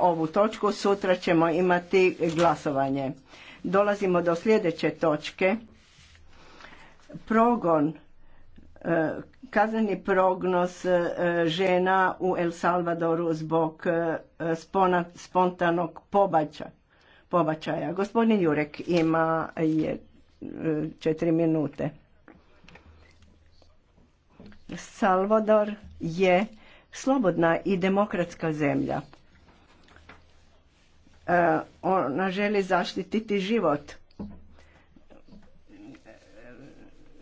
ovu točku, sutra ćemo imati glasovanje. Dolazimo do sljedeće točke. Progon, e, kazneni prognoz e, žena u El Salvadoru zbog e, spontanog pobačaja. pobačaja. Gospodin Jurek ima je, četiri minute. Salvador je slobodna i demokratska zemlja. Eh, ona želi zaštititi život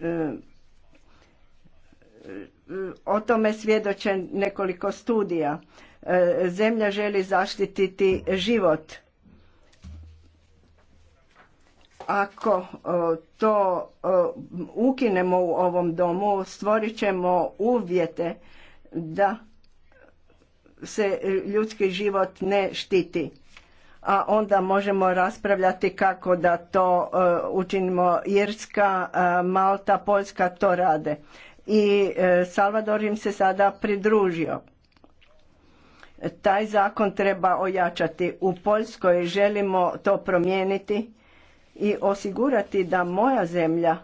eh, o tome svjedoče nekoliko studija eh, zemlja želi zaštititi život ako to ukinemo u ovom domu stvorit ćemo uvjete da se ljudski život ne štiti a onda možemo raspravljati kako da to e, učinimo Irska, e, Malta, Poljska to rade. I e, Salvador im se sada pridružio. Taj zakon treba ojačati. U Poljskoj želimo to promijeniti i osigurati da moja zemlja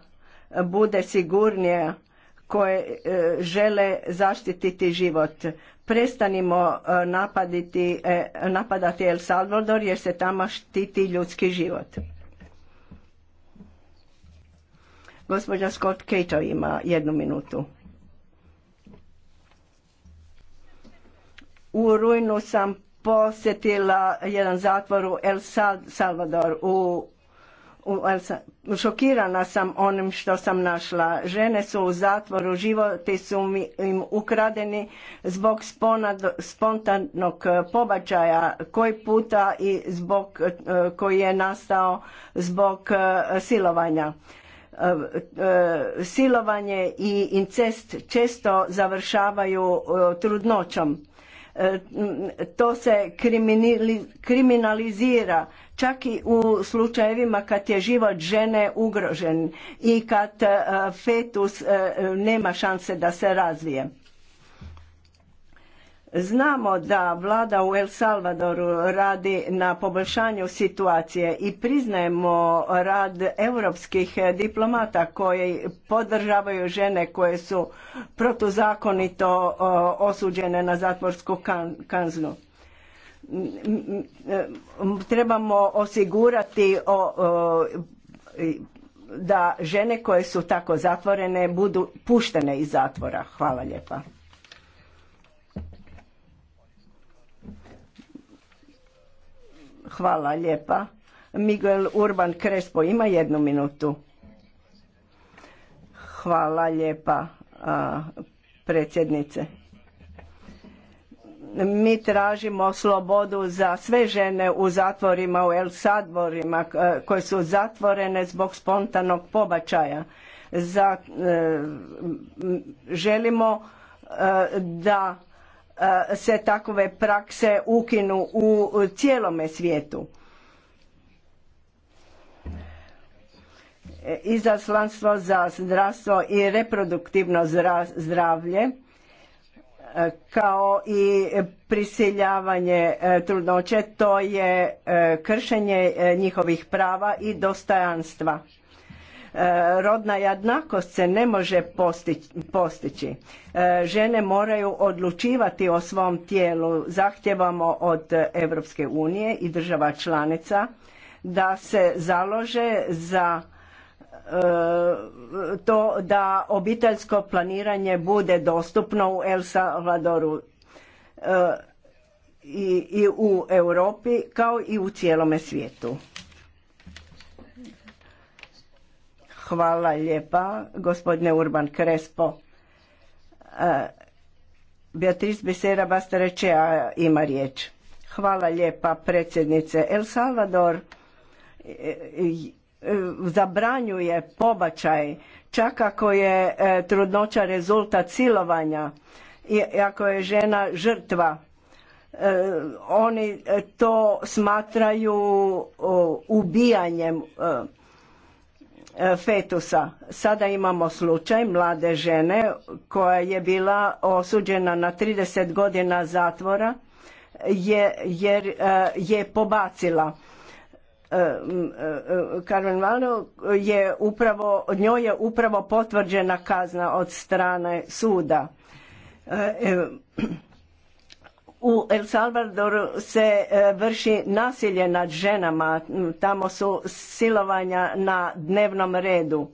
bude sigurnija koje žele zaštititi život prestanimo e, napaditi, e, napadati El Salvador jer se tamo štiti ljudski život. Gospođa Scott Cato ima jednu minutu. U rujnu sam posjetila jedan zatvor u El Salvador u šokirana sam onim što sam našla. Žene su u zatvoru, životi su im ukradeni zbog spontanog e, pobačaja, koji puta i zbog e, koji je nastao zbog e, silovanja. Silovanje i incest često završavaju trudnoćom. To se kriminalizira čak i u slučajevima kad je život žene ugrožen i kad e, fetus e, nema šanse da se razvije. Znamo da vlada u El Salvadoru radi na poboljšanju situacije i priznajemo rad europskih diplomata koji podržavaju žene koje su protuzakonito e, osuđene na zatvorsku kaznu trebamo osigurati da žene koje su tako zatvorene budu puštene iz zatvora. Hvala lijepa. Hvala lijepa. Miguel Urban Krespo ima jednu minutu. Hvala lijepa predsjednice mi tražimo slobodu za sve žene u zatvorima u El Sadvorima e, koje su zatvorene zbog spontanog pobačaja. Za, e, želimo e, da se takove prakse ukinu u cijelome svijetu. Izaslanstvo za zdravstvo i reproduktivno zdravlje kao i prisiljavanje e, trudnoće, to je e, kršenje e, njihovih prava i dostojanstva. Rodna jednakost se ne može postići. Žene moraju odlučivati o svom tijelu. Zahtjevamo od Europske unije i država članica da se založe za E, to da obiteljsko planiranje bude dostupno u El Salvadoru e, i, u Europi kao i u cijelome svijetu. Hvala lijepa, gospodine Urban Krespo. E, Beatriz Besera Bastareće ima riječ. Hvala lijepa, predsjednice. El Salvador E, zabranjuje pobačaj, čak ako je e, trudnoća rezultat silovanja i ako je žena žrtva. E, oni to smatraju ubijanjem fetusa. Sada imamo slučaj mlade žene koja je bila osuđena na 30 godina zatvora jer je pobacila E, e, e, Carmen Malo je upravo, njoj je upravo potvrđena kazna od strane suda. U El Salvadoru se vrši nasilje nad ženama, tamo su silovanja na dnevnom redu.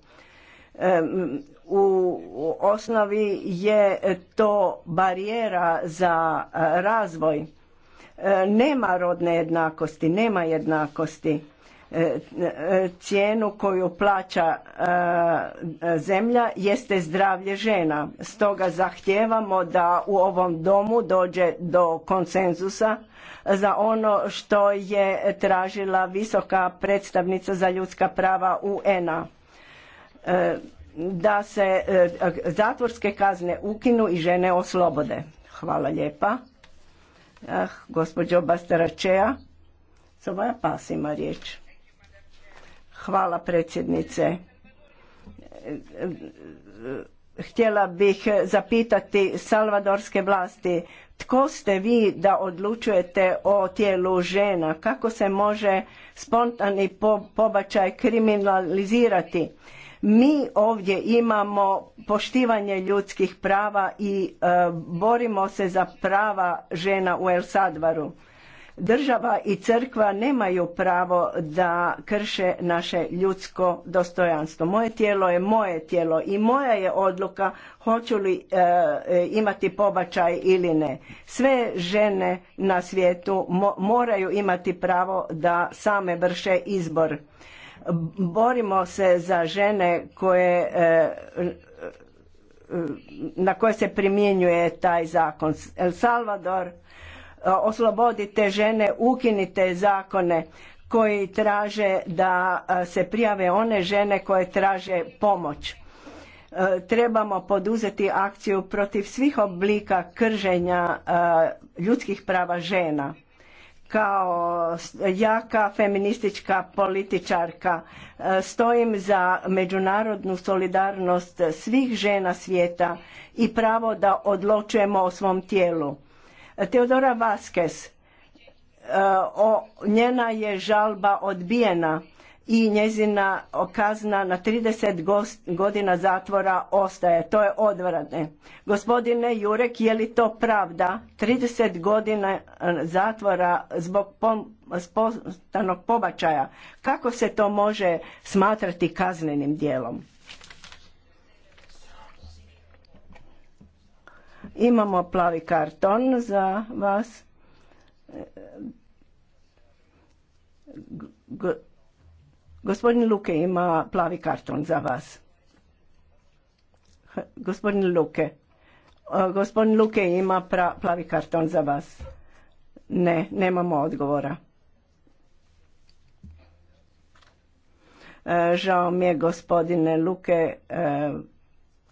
U osnovi je to barijera za razvoj E, nema rodne jednakosti, nema jednakosti. E, e, cijenu koju plaća zemlja jeste zdravlje žena. Stoga zahtijevamo da u ovom domu dođe do konsenzusa za ono što je tražila visoka predstavnica za ljudska prava un da se zatvorske kazne ukinu i žene oslobode. Hvala lijepa. Ah, gospođo Bastaračeja, s Pas ima riječ. Hvala predsjednice. Htjela bih zapitati salvadorske vlasti, tko ste vi da odlučujete o tijelu žena? Kako se može spontani pobačaj kriminalizirati? Mi ovdje imamo poštivanje ljudskih prava i e, borimo se za prava žena u El Sadvaru. Država i crkva nemaju pravo da krše naše ljudsko dostojanstvo. Moje tijelo je moje tijelo i moja je odluka hoću li e, e, imati pobačaj ili ne. Sve žene na svijetu moraju imati pravo da same vrše izbor borimo se za žene koje e, e, na koje se primjenjuje taj zakon. El Salvador, e, oslobodite žene, ukinite zakone koji traže da se prijave one žene koje traže pomoć. Trebamo poduzeti akciju protiv svih oblika krženja ljudskih prava žena kao jaka feministička političarka e, stojim za međunarodnu solidarnost svih žena svijeta i pravo da odlučujemo o svom tijelu. Teodora Vasquez, e, o, njena je žalba odbijena i njezina kazna na 30 godina zatvora ostaje. To je odvratne. Gospodine Jurek, je li to pravda? 30 godina e, zatvora zbog spostanog pobačaja. Kako se to može smatrati kaznenim dijelom? Imamo plavi karton za vas. E, g Gospodin Luke ima plavi karton za vas. Gospodin Luke. Gospodin Luke ima plavi karton za vas. Ne, nemamo odgovora. E, žao mi je gospodine Luke, e,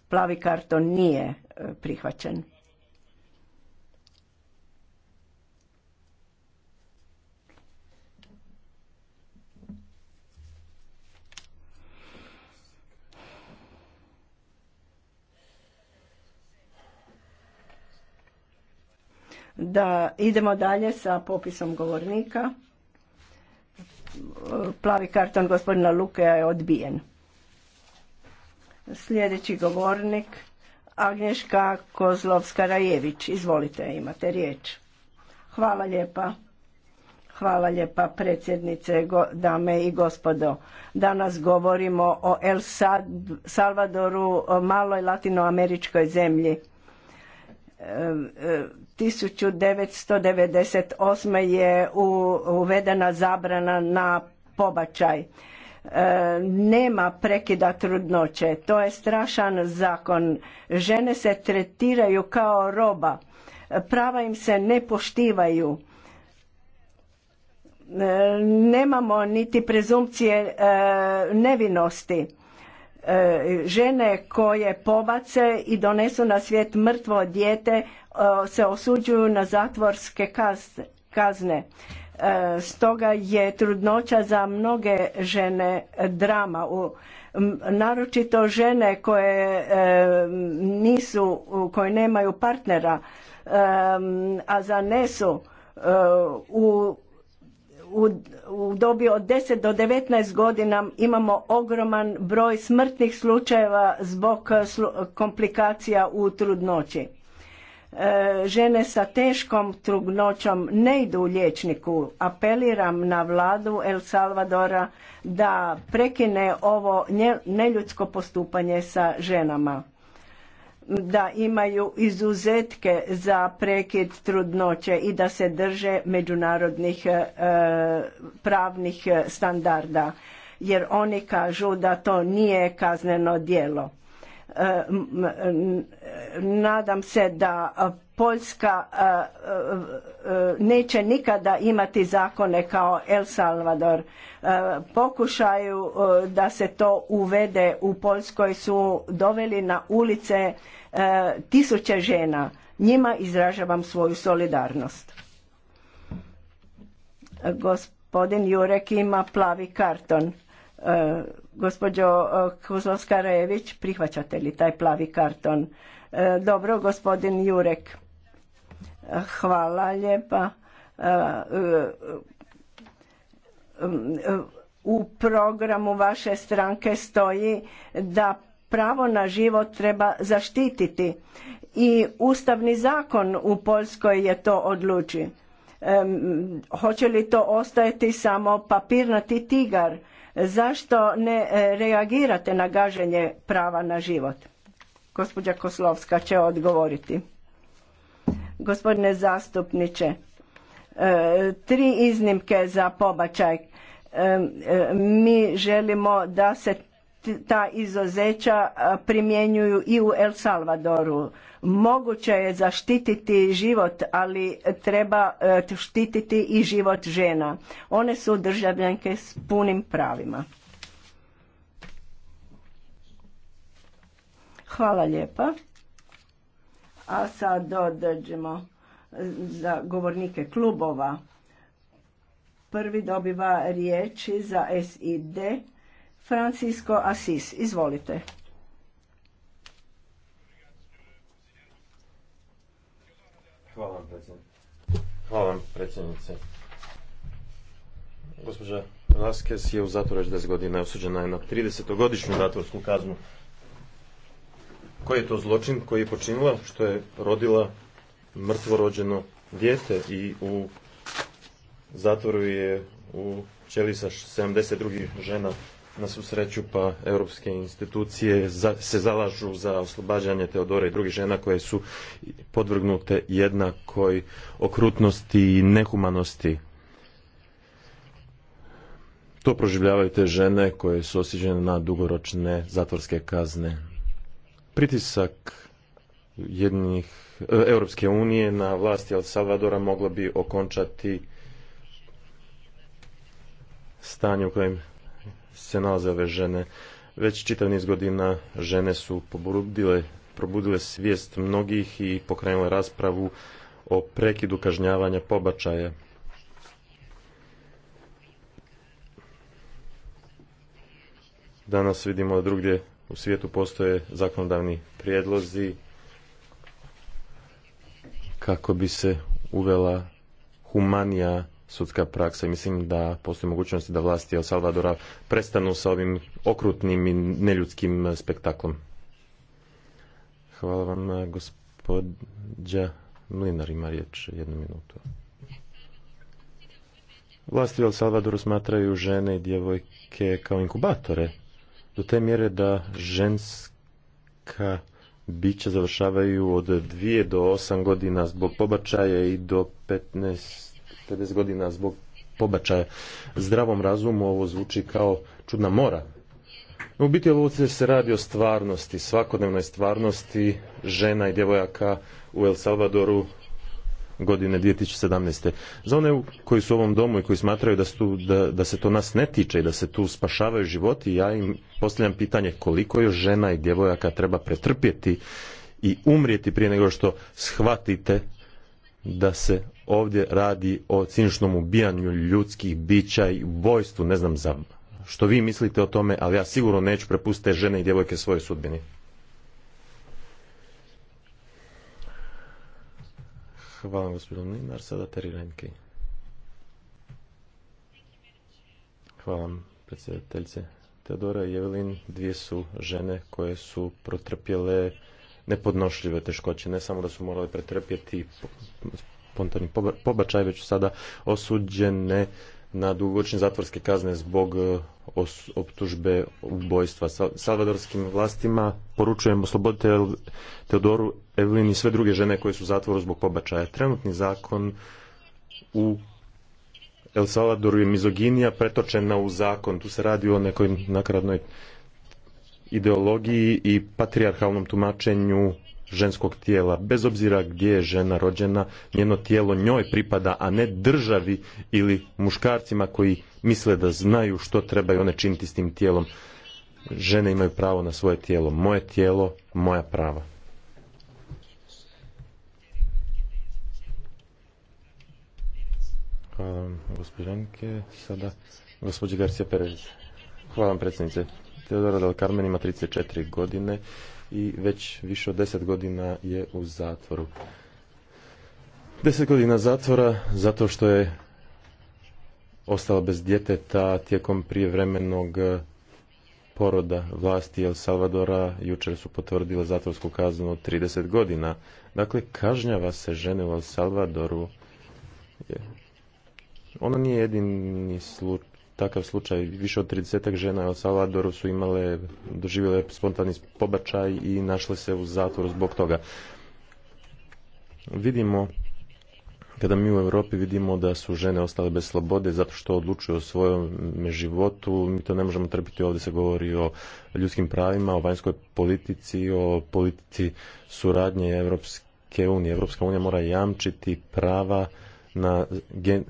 plavi karton nije e, prihvaćen. da idemo dalje sa popisom govornika. Plavi karton gospodina Lukeja je odbijen. Sljedeći govornik Agnješka Kozlovska-Rajević. Izvolite, imate riječ. Hvala lijepa. Hvala lijepa predsjednice, dame i gospodo. Danas govorimo o El Salvadoru, maloj latinoameričkoj zemlji 1998. je uvedena zabrana na pobačaj. E, nema prekida trudnoće. To je strašan zakon. Žene se tretiraju kao roba. Prava im se ne poštivaju. E, nemamo niti prezumcije e, nevinosti E, žene koje pobace i donesu na svijet mrtvo dijete e, se osuđuju na zatvorske kazne. E, stoga je trudnoća za mnoge žene drama, naročito žene koje nisu, koje nemaju partnera, a zanesu u u, u dobi od 10 do 19 godina imamo ogroman broj smrtnih slučajeva zbog eh, komplikacija u trudnoći. Eh, žene sa teškom trudnoćom ne idu u liječniku. Apeliram na vladu El Salvadora da prekine ovo neljudsko postupanje sa ženama da imaju izuzetke za prekid trudnoće i da se drže međunarodnih e, pravnih standarda jer oni kažu da to nije kazneno djelo. E, nadam se da Poljska e, e, e, neće nikada imati zakone kao El Salvador. Pokušaju da se to uvede u Poljskoj su doveli na ulice tisuće žena. Njima izražavam svoju solidarnost. Gospodin Jurek ima plavi karton. Gospođo Kuzlovska-Rejević, prihvaćate li taj plavi karton? Dobro, gospodin Jurek. Hvala lijepa. E, e, e, u programu vaše stranke stoji da pravo na život treba zaštititi i Ustavni zakon u Poljskoj je to odluči. Hoće li to ostajati samo papirnati tigar? Zašto ne reagirate na gaženje prava na život? Gospođa Koslovska će odgovoriti. Gospodine zastupniče, e, tri iznimke za pobačaj. E, e, mi želimo da se ta izuzeća primjenjuju i u El Salvadoru. Moguće je zaštititi život, ali treba štititi i život žena. One su državljanke s punim pravima. Hvala lijepa. A sad dođemo za govornike klubova. Prvi dobiva riječi za SID Francisco Asis. Izvolite. Hvala vam, predsjednice. Hvala predsjednice. Gospođa Laskes je u zatvoru već 10 godina osuđena je na 30-godišnju zatvorsku kaznu koji je to zločin koji je počinila, što je rodila mrtvorođeno dijete i u zatvoru je u čeli sa 72 žena na susreću pa europske institucije se zalažu za oslobađanje Teodora i drugih žena koje su podvrgnute jednakoj okrutnosti i nehumanosti. To proživljavaju te žene koje su osjeđene na dugoročne zatvorske kazne. Pritisak jednih e, Europske unije na vlasti El Salvadora mogla bi okončati stanje u kojem se nalaze ove žene. Već čitav niz godina žene su pobudile, probudile svijest mnogih i pokrenule raspravu o prekidu kažnjavanja pobačaja. Danas vidimo da drugdje u svijetu postoje zakonodavni prijedlozi kako bi se uvela humanija sudska praksa i mislim da postoji mogućnosti da vlasti El Salvadora prestanu sa ovim okrutnim i neljudskim spektaklom. Hvala vam, gospodja riječ jednu minutu. Vlasti u El Salvadoru smatraju žene i djevojke kao inkubatore do te mjere da ženska bića završavaju od 2 do osam godina zbog pobačaja i do 15 50 godina zbog pobačaja. Zdravom razumu ovo zvuči kao čudna mora. U biti ovo se radi o stvarnosti, svakodnevnoj stvarnosti žena i djevojaka u El Salvadoru godine 2017. Za one koji su u ovom domu i koji smatraju da, su, da, se to nas ne tiče i da se tu spašavaju životi, ja im postavljam pitanje koliko još žena i djevojaka treba pretrpjeti i umrijeti prije nego što shvatite da se ovdje radi o ciničnom ubijanju ljudskih bića i ubojstvu, ne znam za što vi mislite o tome, ali ja sigurno neću prepustiti žene i djevojke svojoj sudbini. Hvala gospodinu sada Teri Renke. Hvala vam, Teodora i Evelin dvije su žene koje su protrpjele nepodnošljive teškoće. Ne samo da su morale pretrpjeti spontani pobačaj, već sada osuđene na dugogodišnje zatvorske kazne zbog e, optužbe ubojstva. Sa salvadorskim vlastima poručujem oslobodite Teodoru Evelin i sve druge žene koje su u zatvoru zbog pobačaja. Trenutni zakon u El Salvadoru je mizoginija pretočena u zakon. Tu se radi o nekoj nakradnoj ideologiji i patrijarhalnom tumačenju ženskog tijela, bez obzira gdje je žena rođena, njeno tijelo njoj pripada, a ne državi ili muškarcima koji misle da znaju što trebaju one činiti s tim tijelom. Žene imaju pravo na svoje tijelo, moje tijelo, moja prava. Hvala vam, gospođenke. Sada gospođe Garcia Perez. Hvala vam, predsjednice. Teodora Del Carmen ima 34 godine i već više od deset godina je u zatvoru. Deset godina zatvora zato što je ostala bez djeteta tijekom prijevremenog e, poroda vlasti El Salvadora jučer su potvrdile zatvorsku kaznu od 30 godina. Dakle, kažnjava se žene u El Salvadoru. Ona nije jedini slučaj takav slučaj. Više od 30 žena u Salvadoru su imale, doživjele spontani pobačaj i našle se u zatvoru zbog toga. Vidimo kada mi u Europi vidimo da su žene ostale bez slobode zato što odlučuju o svojom životu, mi to ne možemo trpiti. Ovdje se govori o ljudskim pravima, o vanjskoj politici, o politici suradnje Europske unije. Europska unija mora jamčiti prava na gen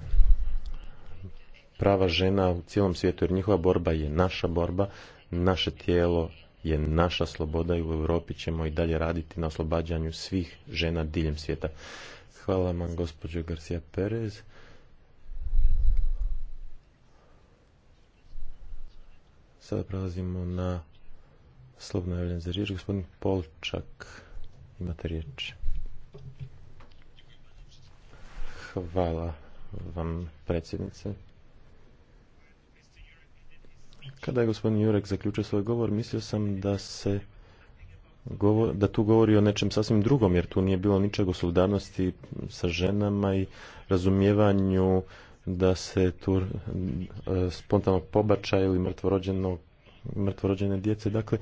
prava žena u cijelom svijetu, jer njihova borba je naša borba, naše tijelo je naša sloboda i u Europi ćemo i dalje raditi na oslobađanju svih žena diljem svijeta. Hvala vam, gospođo Garcia Perez. Sada prelazimo na slobno javljen za riječ. Gospodin Polčak, imate riječ. Hvala vam, predsjednice. Kada je gospodin Jurek zaključio svoj govor, mislio sam da se govor, da tu govori o nečem sasvim drugom, jer tu nije bilo ničeg o solidarnosti sa ženama i razumijevanju da se tu e, spontano pobačaja ili mrtvorođene djece. Dakle,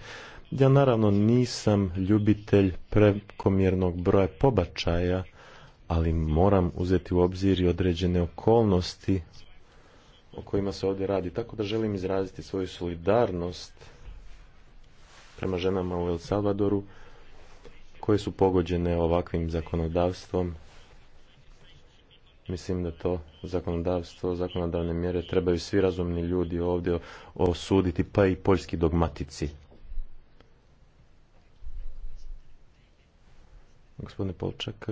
ja naravno nisam ljubitelj prekomjernog broja pobačaja, ali moram uzeti u obzir i određene okolnosti o kojima se ovdje radi. Tako da želim izraziti svoju solidarnost prema ženama u El Salvadoru koje su pogođene ovakvim zakonodavstvom. Mislim da to zakonodavstvo, zakonodavne mjere trebaju svi razumni ljudi ovdje osuditi, pa i poljski dogmatici. Gospodine Polčak,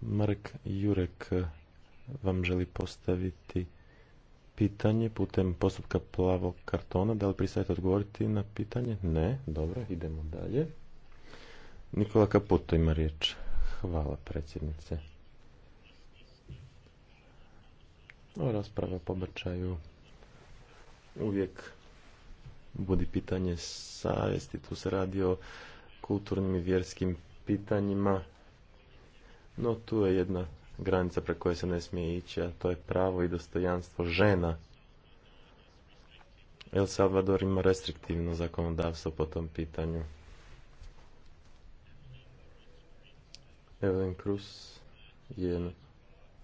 Marek Jurek vam želi postaviti pitanje putem postupka plavog kartona. Da li pristajete odgovoriti na pitanje? Ne. Dobro, idemo dalje. Nikola Kaputo ima riječ. Hvala, predsjednice. Ova rasprava pobačaju uvijek budi pitanje savjesti. Tu se radi o kulturnim i vjerskim pitanjima. No tu je jedna granica preko koje se ne smije ići, a to je pravo i dostojanstvo žena. El Salvador ima restriktivno zakonodavstvo po tom pitanju. Evelyn Cruz je,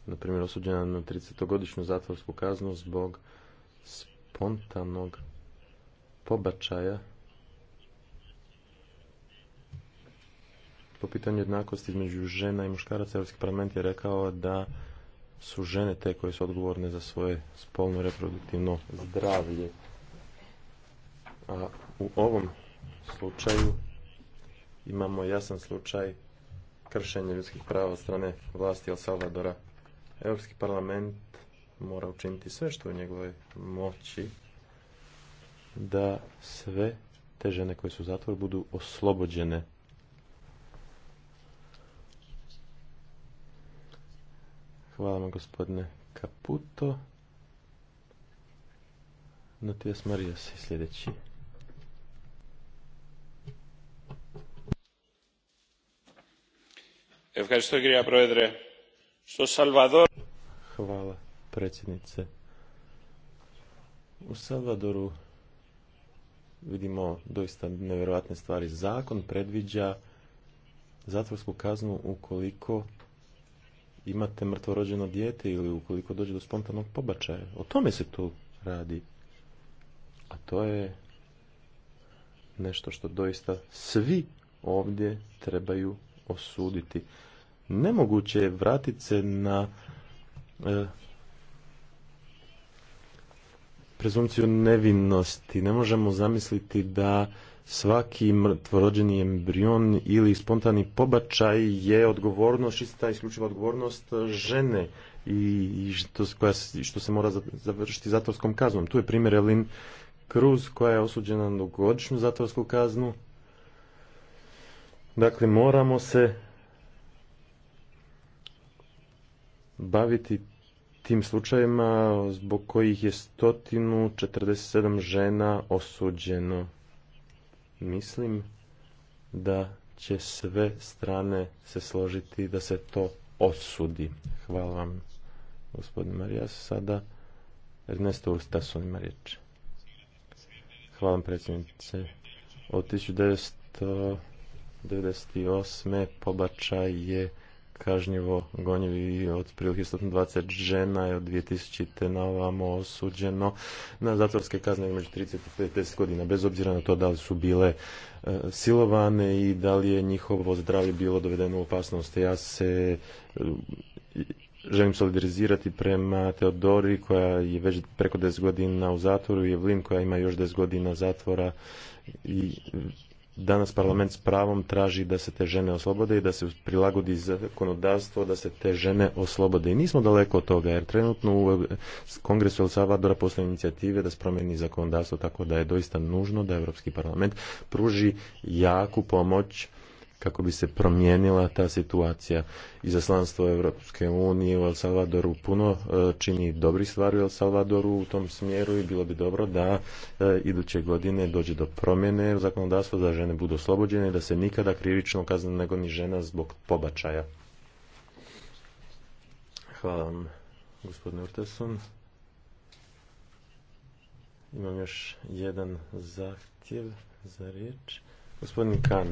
na primjer, osuđena na 30-godišnju zatvorsku kaznu zbog spontanog pobačaja po pitanju jednakosti između žena i muškaraca, Europski parlament je rekao da su žene te koje su odgovorne za svoje spolno reproduktivno zdravlje. A u ovom slučaju imamo jasan slučaj kršenja ljudskih prava od strane vlasti El Salvadora. Europski parlament mora učiniti sve što je u njegovoj moći da sve te žene koje su u zatvoru budu oslobođene Hvala vam gospodine Kaputo. Notijas Marijas je sljedeći. Hvala predsjednice. U Salvadoru vidimo doista nevjerojatne stvari. Zakon predviđa zatvorsku kaznu ukoliko imate mrtvorođeno dijete ili ukoliko dođe do spontanog pobačaja. O tome se tu radi. A to je nešto što doista svi ovdje trebaju osuditi. Nemoguće je vratiti se na e, prezumciju nevinnosti. Ne možemo zamisliti da svaki mrtvorođeni embrion ili spontani pobačaj je odgovornost, ista isključiva odgovornost e, žene i što, što se mora završiti zatvorskom kaznom. Tu je primjer Evelyn Cruz koja je osuđena na dugogodišnju zatvorsku kaznu. Dakle, moramo se baviti tim slučajevima zbog kojih je 147 žena osuđeno. Mislim da će sve strane se složiti da se to osudi. Hvala vam, gospodin Marija Sada Ernesto Urstason ima riječ. Hvala vam, predsjednice. Od 1998. pobačaj je kažnjivo gonjivi od prilike 120 žena je od 2000. na ovamo osuđeno na zatvorske kazne među 30 i 50 godina, bez obzira na to da li su bile e, silovane i da li je njihovo zdravlje bilo dovedeno u opasnost. Ja se e, želim solidarizirati prema Teodori koja je već preko 10 godina u zatvoru i Evlin koja ima još 10 godina zatvora i Danas parlament s pravom traži da se te žene oslobode i da se prilagodi zakonodavstvo da se te žene oslobode. I nismo daleko od toga jer trenutno u Kongresu El Salvadora postoje inicijative da se zakonodavstvo tako da je doista nužno da Europski parlament pruži jaku pomoć kako bi se promijenila ta situacija. Izaslanstvo Evropske unije u El Salvadoru puno e, čini dobrih stvari u El Salvadoru u tom smjeru i bilo bi dobro da e, iduće godine dođe do promjene u zakonodavstvu, da žene budu oslobođene i da se nikada krivično kazne nego ni žena zbog pobačaja. Hvala vam, gospodine Urteson. Imam još jedan zahtjev za riječ. Gospodin Kan.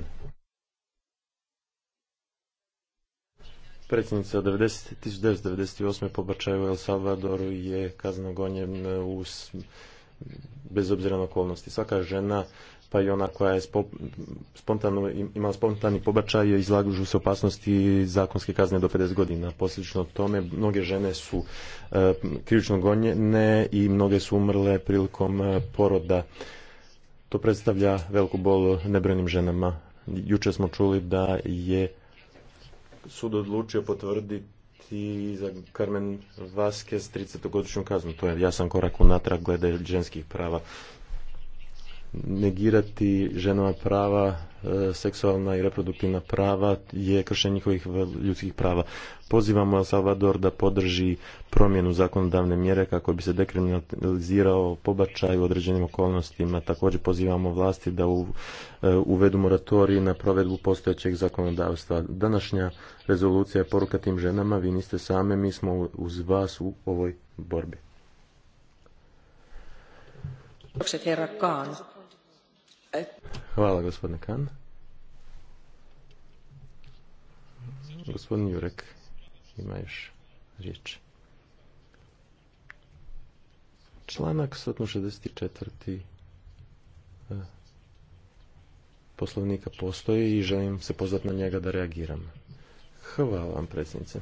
predsjednica od 1998. pobačaja u El Salvadoru je kazneno gonjen e, u bez obzira na okolnosti. Svaka žena, pa i ona koja je spontano, imala spontani pobačaj, izlagužu se opasnosti zakonske kazne do 50 godina. Posljedično tome, mnoge žene su e, krivično gonjene i mnoge su umrle prilikom e, poroda. To predstavlja veliku bol nebrojnim ženama. Juče smo čuli da je sud odlučio potvrditi za Carmen Vasquez 30-godišnju kaznu. To je jasan korak unatrag glede ženskih prava negirati ženova prava, e, seksualna i reproduktivna prava je kršenje njihovih ljudskih prava. Pozivamo El Salvador da podrži promjenu zakonodavne mjere kako bi se dekriminalizirao pobačaj u određenim okolnostima. Također pozivamo vlasti da e, uvedu moratorij na provedbu postojećeg zakonodavstva. Današnja rezolucija je poruka tim ženama, vi niste same, mi smo uz vas u ovoj borbi. Hvala gospodine Kan. Gospodin Jurek ima još riječ. Članak 164. E, poslovnika postoji i želim se pozvati na njega da reagiram. Hvala vam predsjednice.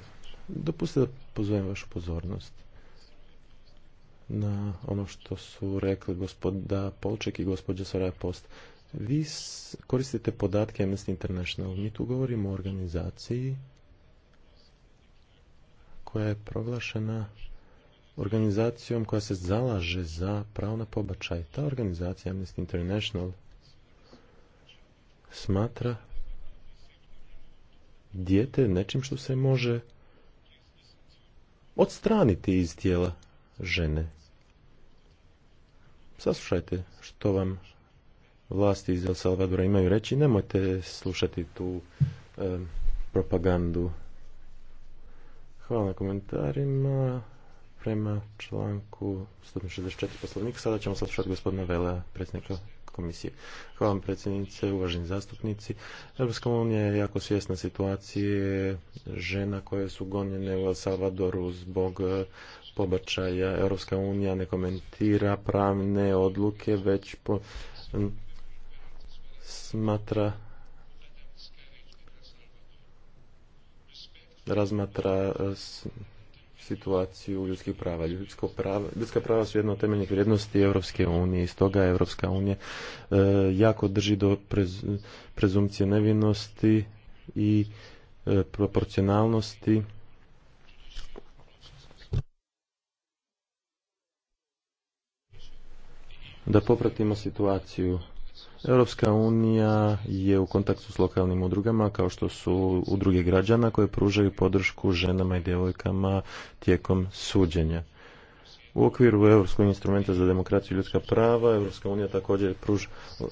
Dopustite da pozovem vašu pozornost na ono što su rekli gospoda Polček i gospođa Soraya Post. Vi koristite podatke Amnesty International. Mi tu govorimo o organizaciji koja je proglašena organizacijom koja se zalaže za pravo na pobačaj. Ta organizacija Amnesty International smatra dijete nečim što se može odstraniti iz tijela žene. Saslušajte što vam vlasti iz El Salvadora imaju reći. Nemojte slušati tu propagandu. Hvala na komentarima. Prema članku 164 poslovnika sada ćemo saslušati gospodina Vela, predsjednika komisije. Hvala vam predsjednice, uvaženi zastupnici. Europska unija je jako svjesna situacije žena koje su gonjene u El Salvadoru zbog pobačaja. Europska unija ne komentira pravne odluke, već po, smatra razmatra e, situaciju ljudskih prava. Ljudsko prava. Ljudska prava su jedna od temeljnih vrijednosti Europske unije i stoga Europska unija e, jako drži do prez, prezumcije nevinosti i e, proporcionalnosti da popratimo situaciju. Europska unija je u kontaktu s lokalnim udrugama kao što su udruge građana koje pružaju podršku ženama i djevojkama tijekom suđenja. U okviru Europskog instrumenta za demokraciju i ljudska prava Europska unija također pruž,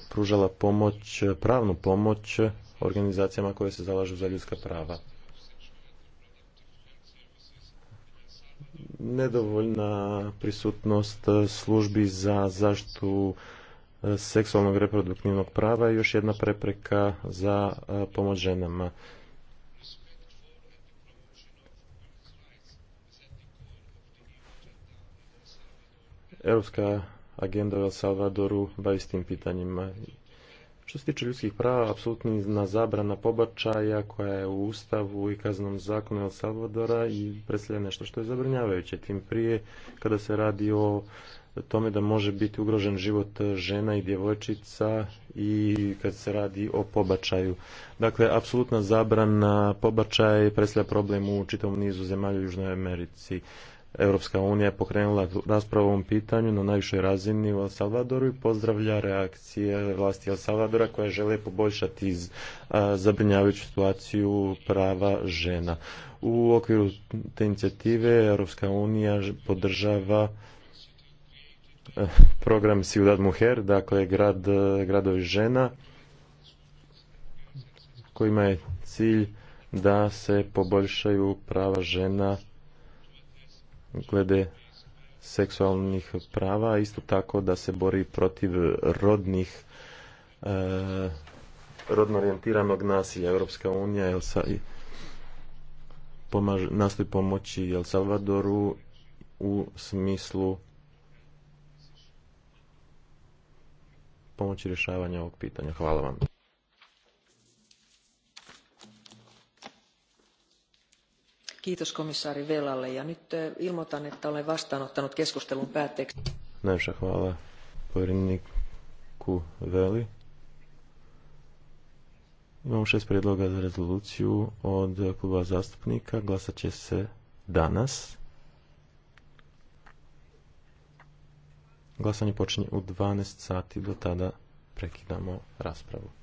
pružala pomoć, pravnu pomoć organizacijama koje se zalažu za ljudska prava. nedovoljna prisutnost službi za zaštitu e, seksualnog reproduktivnog prava je još jedna prepreka za e, pomoć ženama. Europska agenda u Salvadoru bavi s tim pitanjima. Što se tiče ljudskih prava, apsolutna zabrana pobačaja koja je u Ustavu i kaznom zakonu El Salvadora i predstavlja nešto što je zabrinjavajuće. Tim prije kada se radi o tome da može biti ugrožen život žena i djevojčica i kad se radi o pobačaju. Dakle, apsolutna zabrana je predstavlja problem u čitavom nizu zemalja u Južnoj Americi. Europska unija je pokrenula raspravu o ovom pitanju na najvišoj razini u El Salvadoru i pozdravlja reakcije vlasti El Salvadora koje žele poboljšati zabrinjavajuću situaciju prava žena. U okviru te inicijative Europska unija podržava program Ciudad Mujer, dakle grad, gradovi žena kojima je cilj da se poboljšaju prava žena glede seksualnih prava, isto tako da se bori protiv rodnih e, rodno orijentiranog nasilja. Europska unija El Sa nastoji pomoći El Salvadoru u smislu pomoći rješavanja ovog pitanja. Hvala vam. Kiitos ja nyt eh, ilmoitan, keskustelun hvala povjereniku Veli. Imamo šest prijedloga za rezoluciju od kluba zastupnika. Glasat će se danas. Glasanje počinje u 12 sati. Do tada prekidamo raspravu.